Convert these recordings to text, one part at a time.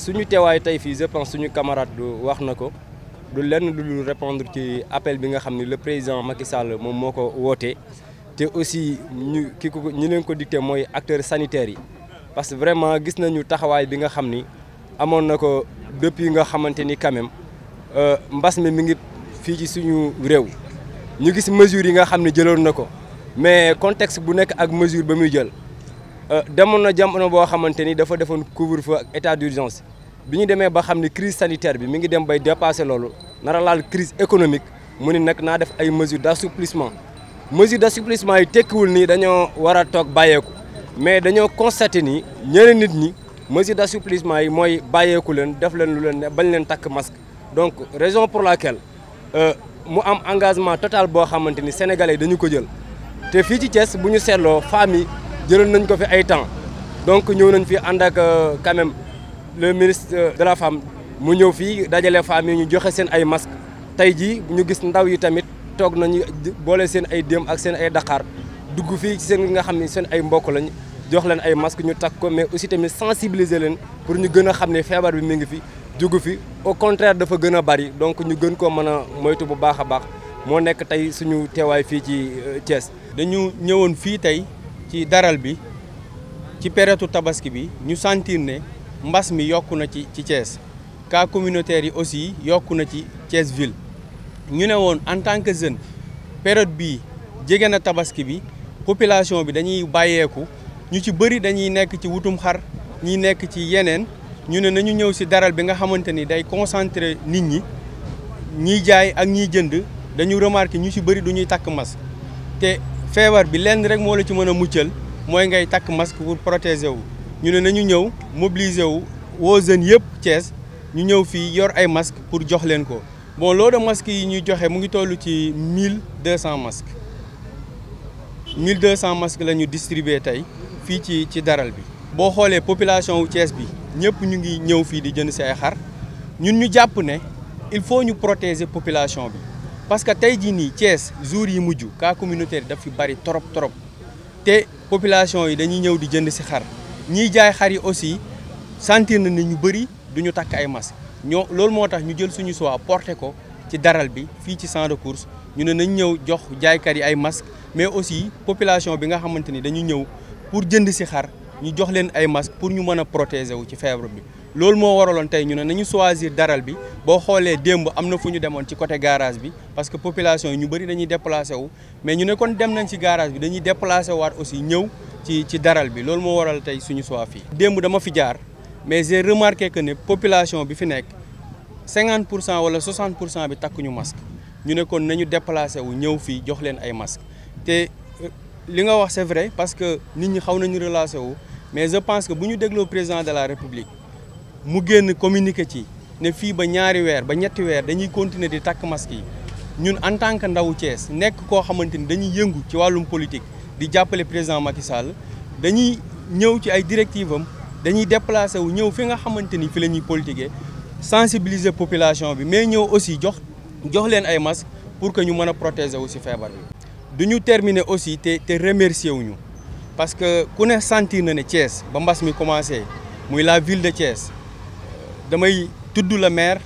suñu teewaay tey fii je pense suñu camarade wax na ko du lenn lu dul répondre ci appel bi nga xam le président Macky Sall moom moo ko wootee aussi ñu ki ko ñi leen ko dicté mooy acteurs sanitaires parce que vraiment gis nañu taxawaay bi nga xam ni amoon depuis nga xamante quand même euh, mbas mi mi ngi fii ci suñu réew ñu gis mesures yi nga xam ne jëloon mais contexte bu nekk ak mesure ba jël euh, demon na jamono boo xamante ni dafa defoon couvre-feu état d'urgence bini ñu ba xam crise sanitaire bi mi ngi dem bay dépasser naralal nara laal crise économique mu nak n'a naa def ay mesures d'assouplissement mesures d'assouplissement yi tekkiwul nii dañoo war a toog bàyyeeku mais dañoo constaté ni ñeneen nit ñi mesures d'assouplissement yi mooy bàyyeeku leen def leen lu leen bañ leen masque donc raison pour laquelle euh, mu am engagement total boo xamante ni sénégalais dañu ko jël te fii ci Thiès bu famille jëloon nañ ko fi ay temps donc ñëw nañ fi and ak euh, quand même le ministre euh, de la femme mu ñëw fi dajale femme ñu joxe sen ay masques tey jii ñu gis ndaw yi tamit tok nañ boole sen ay dem ak sen ay dakar dugg fi ci sen nga xamni sen ay mbokk lañ jox leen ay masque ñu takk ko mais aussi tamit sensibiliser leen pour ñu gëna xamné fièvre bi mi ngi fi jugu fi au contraire dafa gën a bari donc ñu gën ko mëna moytu bu baaxa baax mo nekk tay suñu téway fi ci euh, Thiès. dañu ñëwoon fi tay ci daral bi ci période tabaski bi ñu sentir ne mbas mi yokku na ci ci Thiès cas communautaire yi aussi yokku na ci Thiès ville ñu ne woon en tant que jeune période bii jege na tabaski bi population bi dañuy bàyyeeku ñu ci bëri dañuy nekk ci wutum xar ñi nekk ci yeneen ñu ne nañu ñëw si daral bi nga xamante ni day concentrer nit ñi ñiy jaay ak ñiy jënd dañu remarqué ñu ci bëri du ñuy takk mas te Février, bi lenn rek mo la ci mëna muccël moy ngay tak masque pour protéger wu ñu né nañu ñëw mobiliser wu woo jeune yépp Thiès ñu ñëw fi yor ay masque pour jox leen ko bon lo de masque, yi ñu joxé mu ngi tollu ci 1200 masques 1200 masques la ñu distribué tey fii ci ci daral bi bo xolé population wu Thiès bi ñëpp ñu ngi ñëw fi di jënd si ay xar ñun ñu japp né il faut ñu protéger population bi parce que tey jii nii Thiès jour yi mujj cas communautaire daf fi bari trop trop te population yi dañuy ñëw di jënd ci xar ñiy jaay xar yi aussi sentir na ni ñu bëri duñu takk ay masques ñoo loolu moo tax ñu jël suñu choix porté ko ci daral bi fii ci champ de course ñu ne nañ ñëw jox jaaykat yi ay masques mais aussi population bi nga xamante ni dañu ñëw pour jënd ci xar. ñu jox leen ay masques pour ñu mën a protéger wu ci feebar bi loolu moo waraloon tey ñu ne nañu choisir daral bi boo xoolee démb am na fu ñu demoon ci côté garage bi parce que population yi ñu bëri dañuy déplacé wu mais ñu ne kon dem nañ ci garage bi dañuy déplacé waat aussi ñëw ci ci daral bi loolu moo waral tey suñu choix fii. démb dama fi jaar mais j'ai remarqué que ne population bi fi nekk 50 pour cent wala 60 pour cent bi takkuñu masque ñu ne kon nañu déplacé wu ñëw fii jox leen ay masques te. Linga nga wax c'est vrai parce que nit ñi xaw nañu relâché wu mais je pense que bu ñu dégloo président de la république mu génn communiqué ci ne fii ba ñaari weer ba ñetti weer dañuy continuer di takk masque yi ñun en tant que ndawu Thiès nekk koo xamante ni dañuy yëngu ci wàllum politique di jàppale président Macky Sall dañuy ñëw ci ay directives am dañuy déplacé wu ñëw fi nga xamante ni fi la politiquer sensibiliser population bi mais ñëw aussi jox jox leen ay masques pour que ñu mën a protéger wu si feebar bi duñu terminer aussi te te remercier nous, parce que ku ne sentir na ne Thiès bambas mi commencé muy la ville de Thiès euh, damay tudd la maire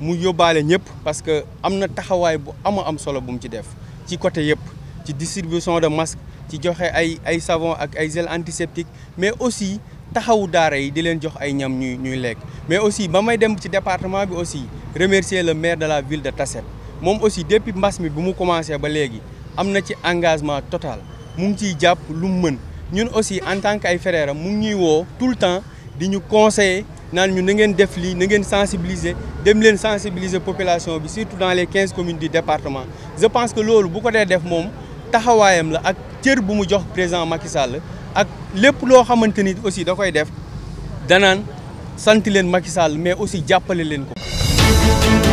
mu yobale ñep parce que am taxaway bu ama am solo bu mu ci def ci côté yëpp ci distribution de masques ci joxe ay ay savon ak ay gel antiseptique mais aussi taxawu daara yi di len jox ay ñam ñuy ñuy mais aussi ba may dem ci département bi aussi remercier le maire de la ville de Tassette mom aussi depuis mbas mi bu mu commencé ba légui amna ci engagement total mu ngi ciy nous lu ñun aussi en tant que ay frères mu ngi tout le temps di ñu conseiller naan ñu na ngeen def li na ngeen sensibiliser dem leen sensibiliser population bi surtout dans les 15 communes du département je pense que lolu bu ko dé def mom taxawayam la ak cër bu mu jox président Macky Sall ak lepp lo xamanteni aussi da koy def danaan sant leen Macky Sall mais aussi jappale leen ko